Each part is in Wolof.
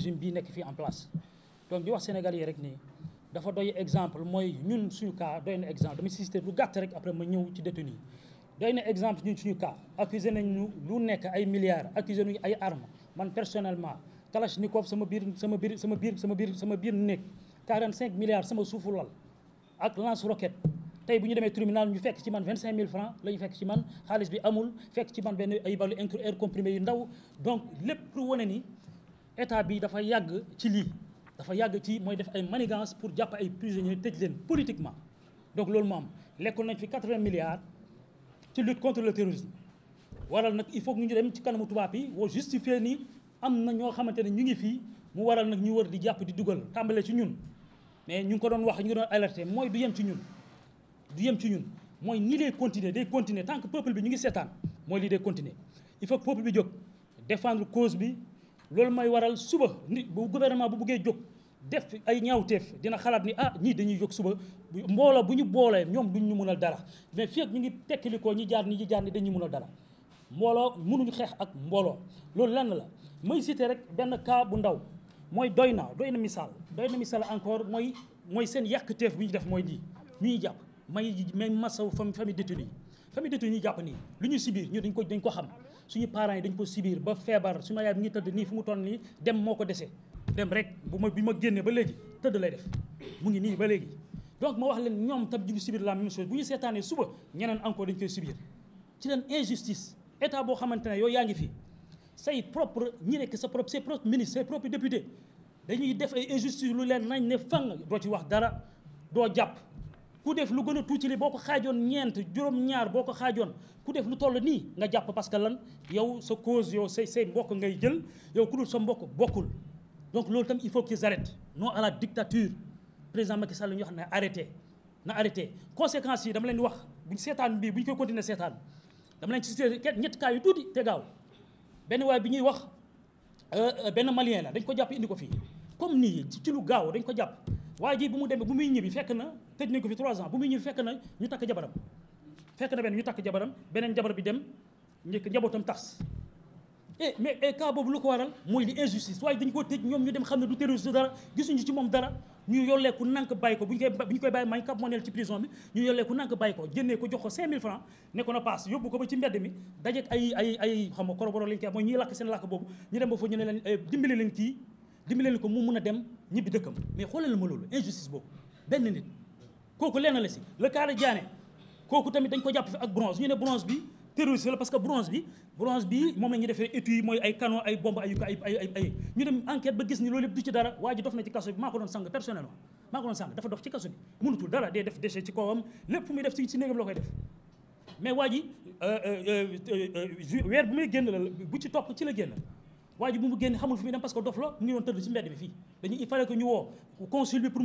régime bii nekk fii en place donc di wax Sénégal yi rek nii dafa doy exemple mooy ñun suñu cas doy na exemple damay cité lu gàtt rek après ma ñëw ci détenu yi doy na exemple ñun suñu cas accusé nañ lu nekk ay milliards accusé nañu ay armes man personnellement kalachnikov sama biir sama biir sama biir sama biir sama biir nekk 45 milliards sama suufu lal ak lance roquette tey bu ñu demee tribunal ñu fekk ci man 25000 francs la ñu fekk ci man xaalis yu ndaw donc lépp état bi dafa yàgg ci lii dafa yàgg ci mooy def ay manigance pour jàpp ay prisonniers tëj leen politiquement donc loolu moo am lekkoon nañ fi 80 milliards ci lutte contre terrorisme waral nag il faut que ñu dem ci kanamu tubaab bi woo justifier ni am na ñoo xamante ne ñu ngi fii mu waral nag ñu war di jàpp di dugal tàmbale ci ñun mais ñu ngi ko doon wax ñu ngi doon alerter mooy du yem ci ñun du yem ci ñun mooy ni lay continuer day continuer tant que peuple bi ñu ngi seetaan mooy lii day continuer il faut que peuple bi loolu mooy waral suba nit bu gouvernement bu buggee jóg def ay ñaawteef dina xalaat ni ah ñii dañuy jóg suba mbooloo bu ñu boolee ñoom duñ ñu mënal dara mais fii ñu ngi tekkilikoo ñi jaar ni ñi jaar ni dañuy mënal dara mbooloo mënuñu xeex ak mbooloo loolu lan la may cité rek benn kaa bu ndaw mooy doy na doy na misaal doy na misaal encore mooy mooy seen yàqteef bu ñu def mooy lii ñuy jàpp may may masaw famille détenu yi famille détenu yi ñu jàpp nii lu ñu si biir ñu dañ ko dañ ko xam suñu parents yi dañ ko sibiir ba feebar su ma yaay bi ngi tëdd nii fu mu toll nii dem moo ko dese dem rek bu ma bi ma génnee ba léegi tëdd lay def mu ngi nii ba léegi donc ma wax leen ñoom tam ñu ngi subir la même bu ñu seetaanee suba ñeneen encore dañ koy subir ci leen injustice état boo xamante ne yooyu yaa ngi fi say propre ñi nekk sa propre ses propres ministres ses propres députés dañuy def ay injustice lu leen nañ ne fang doo ci wax dara doo jàpp ku def lu gën a tuuti li boo ko xaajoon ñeent juróom-ñaar boo ko xaajoon ku def lu toll nii nga jàpp parce que lan yow sa cause yow say say mbokk ngay jël yow ku dul sa mbokk bokkul donc loolu tam il faut qu'ils arrêtent non à la dictature président Macky Sall ñu wax ne arrêté na arrêté conséquences yi dama leen di wax buñ seetaan bii bu ñu koy continuer seetaan dama leen ci cité ñetti cas yu tuuti te gaaw benn waay bi ñuy wax euh, euh, benn malien la dañ ko jàpp indi ko fii comme nii ci lu gaaw dañ ko jàpp waa ji bu mu demee bu muy ñibbi fekk na tëj nañ ko fi 3 ans bu muy ñëw fekk na ñu takk jabaram fekk na benn ñu takk jabaram beneen jabar bi dem njëkk njabootam tas e mais e cas boobu lu ko waral mooy li injustice waaye dañ koo tëj ñoom ñu dem ko bu ñu koy bu ñu koy bàyyi may cap manuel ci prison bi ñu yolleeku nank bàyyi ko jëndee ko jox ko 5000 francs na paas yóbbu ko ba ci mbedd mi dajeeg ay ay ay xam nga seen lakk boobu ñu dem foofu ñu ne leen eh, dimbali leen kii dimbali leen ko mu mun a dem ñibbi dëkkam mais xoolal ma loolu injustice boobu benn nit kooku lenn la si le cas de Diané kooku tamit dañ ko jàpp fi ak bronze ñu ne bronze bi terroriste la parce que bronze bi bronze bi moom la ñuy defee étui mooy ay canon ay bombe ay ay ay ay ñu dem enquête ba gis ni loolu du ci dara waa ji dof na ci kaso bi maa ko doon def déchet ci kawam lépp fu muy def si si néegam la koy def mais waa ji euh, euh, euh, weer bu muy génn la bu ci topp ci la génn waa ji bu mu génn xamul fu muy dem parce que dof la mu ngi doon tëdd ci mbedd bi fii dañuy il fallait que ñu woo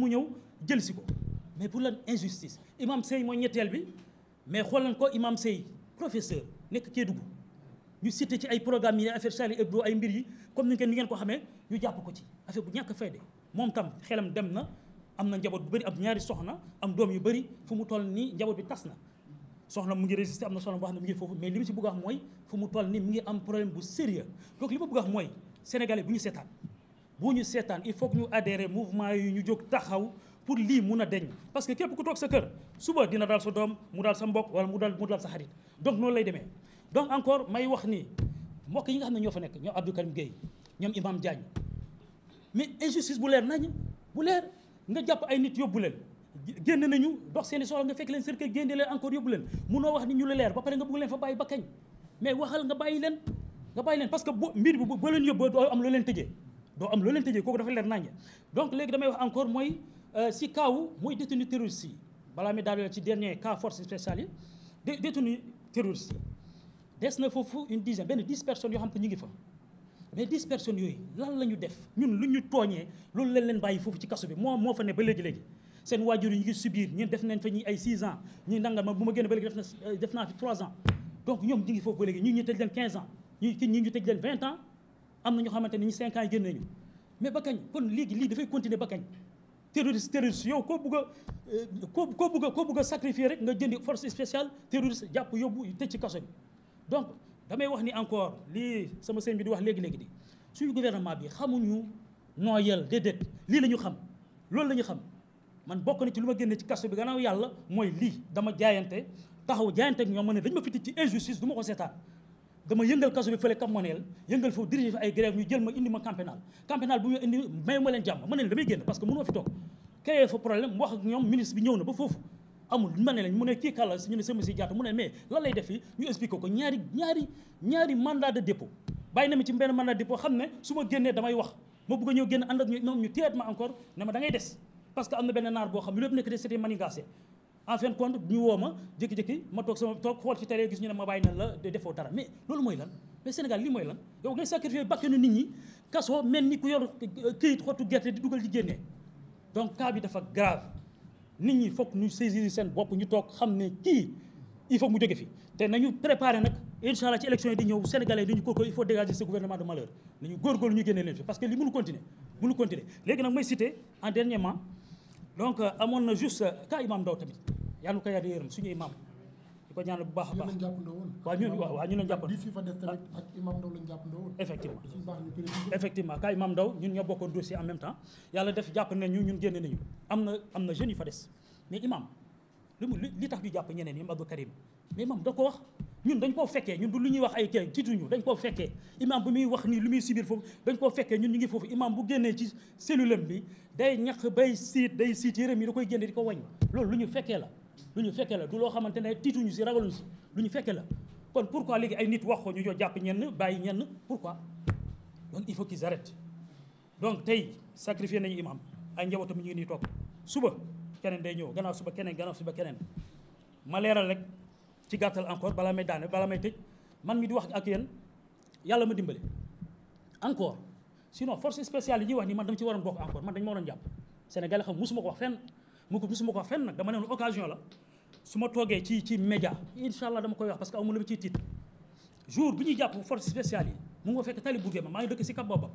ñëw jël si ko mais pour lan injustice imam Sey mooy ñetteel bi mais lañ ko imam Sey professeur nekk Kédougou ñu cité ci ay programme yi affaire Charlie Hebdo ay mbir yi comme ni ngeen ni ngeen ko xamee ñu jàpp ko ci affaire bu ñàkk fayde moom tam xelam dem na am na njaboot bu bëri am ñaari soxna am doom yu bëri fu mu toll nii njaboot bi tas na soxna mu ngi résister am na soxna boo xam ne mu ngi foofu mais li mu ci bëgg a mooy fu mu toll nii mu ngi am problème bu sérieux donc a mooy sénégalais bu ñu seetaan bu ñu seetaan il faut que ñu adhérer mouvement yi ñu jóg taxaw pour lii mun a deñ parce que képp ku toog sa kër suba dina daal sa doom mu daal sa mbokk wala mu daal mu daal sa xarit donc noonu lay demee donc encore may wax ni mbokk yi nga xam ne ñoo fa nekk ñoom Abdou Karim Gueye ñoom Imam Diagne mais injustice bu leer nañ bu leer nga jàpp ay nit yóbbu leen génn nañu dox seen i soxla nga fekk leen seen kër génne leen encore yóbbu leen munoo wax ni ñu la leer ba pare nga bëgg leen fa bàyyi ba kañ mais waxal nga bàyyi leen nga bàyyi leen parce que bu mbir bi ba leen yóbboo doo am loo leen tëjee doo am loo leen tëjee kooku dafa leer nañ léegi damay encore mooy Euh, si kaw mooy détenu terroriste yi balaa mi daal ci dernier cas force spéciale yi dé détenu terroriste yi des na foofu une dizaine benn dix personnes yoo xam te ñu ngi fa mais dix personnes yooyu lan la ñu def ñun lu ñu tooñee loolu lañ leen bàyyi foofu ci kaso bi moo moo fa ne ba léegi-léegi seen waajur yi ñu ngi subir ñun def nañ fa ñi ay 6 ans ñi nangam ma bu ma génn ba léegi def na def naa fi 3 ans donc ñoom ñu ngi foofu ba léegi ñun ñu tëj leen 15 ans am na ñoo xamante ne ñu 5 mais ba kañ kon léegi lii dafay continuer ba kañ terroriste terroriste yow koo bëgg eh, a koo koo bëgg a koo bëgg sacrifier rek nga jënd force spéciale terroriste jàpp yóbbu tëj ci kaso bi donc damay wax ni encore lii sama sëñ bi di wax léegi-léegi di suñu gouvernement bi xamuñu nooyal déedéet lii la ñu xam loolu la ñu xam man bokk na ci lu ma génne ci kaso bi gannaaw yàlla mooy lii dama jaayante taxaw jaayante ak ñoom ma ne dañ ma fi ci injustice du ma ko seetaan dama yëngal kaso bi fële Cap Manuel yëngal foofu dirigé fi ay grève ñu jël ma indi ma camp pénal camp pénal bu ñu indi may ma leen jàmm ma ne na ba foofu ma leen mu ne kii ne ko ñaari ñaari ñaari mandat de dépôt bàyyi xam ne su ma génnee damay wax ma bëgg a ñëw génn ànd ak ñoom ñu téyeet ma encore ne ma da des parce que am na benn naar boo xam ne lépp nekk de c'était manigancé en fin de compte ñu woo ma jékki-jékki ma toog sama toog xool ci télé gis ñu ne ma bàyyi na la defoo dara mais loolu mooy lan mais Sénégal li mooy lan yow ngay sacrifier bakkanu nit ñi kaso mel ni ku yor euh, këyit xottu gerte di dugal di génnee donc cas bi dafa grave nit ñi foog ñu saisir seen bopp ñu toog xam ne kii il faut mu jóge fi te nañu préparer nag incha ci élection yi di ñëw sénégalais dañu kooku il faut dégager ce gouvernement de malheur ñu génne leen fi parce que li mënu continuer mënu continuer léegi nag donc euh, amoon na juste euh, ka imam ndaw tamit yàlla ko yàlla yërëm suñu imam di ko ñaanal bu baax a baax waaw ñun waaw waaw ñu lañ jàppandoon ah. ak imam ndaw lañ jàppandoon effectivement effectivement ka imam ndaw ñun ñoo bokkoon dossier en même temps yàlla def jàpp na ñu ñun génn nañu am na am na jeunes yu fa des mais imam lu mu li tax ñu jàpp ñeneen yi Abdou Karim mais imam da ko wax ñun dañ koo fekkee ñun du lu ñuy wax ay kii tiituñu dañ koo fekkee imam bu muy wax nii lu muy subir foofu dañ koo fekkee ñun ñu ngi foofu imam bu génnee ci cellule bi day ñax bay siit day siit yërëm yi da koy génne di ko wañ loolu lu ñu fekkee la lu ñu fekkee la du loo xamante ne tiituñu si ragaluñu si lu ñu fekkee la kon pourquoi léegi ay nit wax ko ñu joo jàpp ñenn bàyyi ñenn pourquoi donc il faut qu'ils arrêtent donc tey sacrifié nañu imam ay njabootam ñu ngi nii toog suba keneen day ñëw gannaaw suba keneen gannaaw suba keneen ma leeral rek ci gàttal encore balaa may daane balaa may tëj man mi di wax ak yéen yàlla ma dimbale encore sinon force spéciale yi ñuy wax ni man dama ci waroon bokk encore man dañ ma waroon jàpp Sénégal xam musuma ko wax fenn mu ko musuma ko wax fenn nag dama ne woon occasion la su ma toogee ci ci média incha allah dama koy wax parce que amu la ma ciy tiit jour bi ñuy jàpp force spéciale yi mu ngi ma fekk tali bu ma maa ngi dëkk si kap booba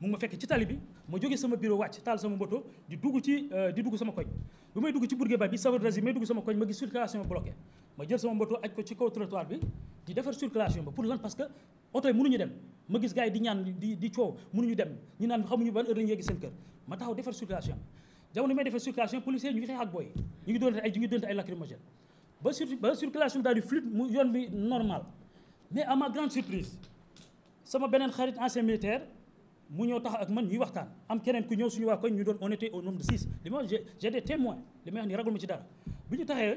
mu ngi ma fekk taal sama moto di dugg ci euh, di dugg sama koñ bu may dugg ci Bourguiba bi saveur bi ma gis circulation bloquée ma jël sama moto aj ko ci kaw trottoir bi di defar circulation ba pour lan parce que oto yi mënuñu dem ma gis gars di ñaan di di coow mënuñu dem ñu naan xamuñu ban heure la ñu yegg seen ma taxaw defar circulation jamono may defar circulation policier ñu ngi xeex ak booy ñu ngi doonte ay ñu ngi ba sur ba daal di fluide mu yoon bi normal mais à ma grande surprise sama beneen xarit ancien militaire mu ñëw tax ak man ñuy waxtaan am keneen ku ñëw suñu waa koñ ñu doon on était au nombre de six li ma j'ai des témoins li may wax ni ragul ma ci dara bu ñu taxee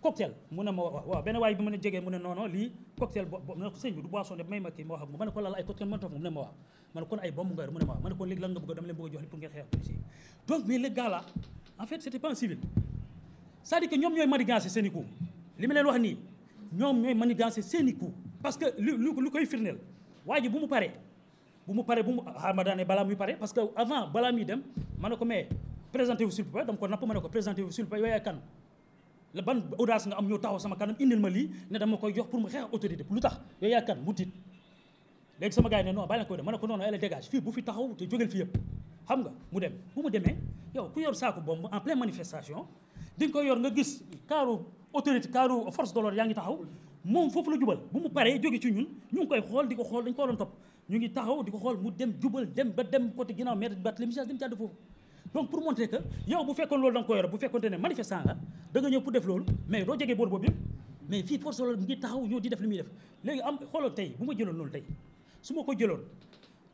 cocktail mu ne ma waaw benn waay bi mu ne jegee mu ne non lii cocktail bo na ko sëñ bi du boisson ma kii ma wax ak moom ma ne ko lala ay cocktail mu ne toog mu ma waaw ma ne kon ay bomb nga mu ne ma waaw ma ne kon léegi lan nga bëgg dama leen bëgg a jox li pour que ñoom ñooy manigancé seen i ma leen wax nii ñoom ñooy manigancé seen i coup parce que lu lu koy firndeel waa bu mu paree bu mu paree bu mu xaar ah, ma daane balaa parce que avant balaa muy dem ma ne ko mais présenté vous s'il vous dama ko la ban audace nga am ñoo taxaw sama kanam indil ma lii ne dama koy jox pour mu xeex autorité lu tax yooyu yaakaar mu tiit léegi sama gars ne non bàyyi la koy dem ma ne ko noonu ay la dégage fii bu fi taxaw te jógeel fi yëpp xam nga mu dem bu mu demee yow ku yor saako bomb en pleine manifestation di nga koy yor nga gis kaaru autorité kaaru force de yaa ngi taxaw moom foofu la jubal bu mu paree jóge ci ñun ñu ngi koy xool di ko xool dañ ko doon topp ñu ngi taxaw di ko xool mu dem jubal dem ba dem côté ginnaaw maître bat foofu donc pour montrer que yow bu fekkoon loolu da nga ko yore bu fekkoonte ne manifestant nga da nga ñëw pour def loolu mais doo jege boor boobu yëpp mais fii force loolu ngi taxaw ñoo di def li muy def léegi am xoolal tey bu ma jëloon loolu tey su ma ko jëloon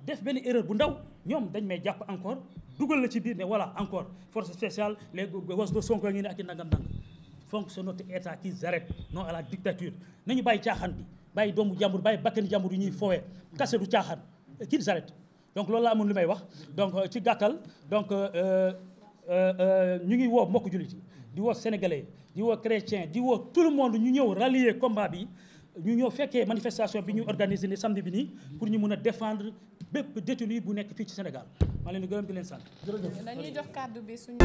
def benn erreur bu ndaw ñoom dañ may jàpp encore dugal la ci biir ne voilà encore force spéciale les was de Sonko ngi ne ak i nangam nangam fonk c'est notre état qui s'arrête non à la dictature nañu bàyyi caaxaan bi bàyyi doomu jàmbur bàyyi bakkani jàmbur yu ñuy foowee kase du caaxaan qui s'arrête donc loolu laa amoon lu may wax donc euh, ci gàttal donc euh, euh, ñu ngi woo mbokk jullit yi di woo sénégalais di woo chrétien di woo tout lu monde ñu ñëw rallier combat bi ñu ñëw fekkee manifestation bi ñu organisé ni samedi bi nii pour ñu mun a défendre bépp détenu bu nekk fii ci Sénégal maa leen di gërëm leen sant jërëjëf dañuy jox kàddu bi suñu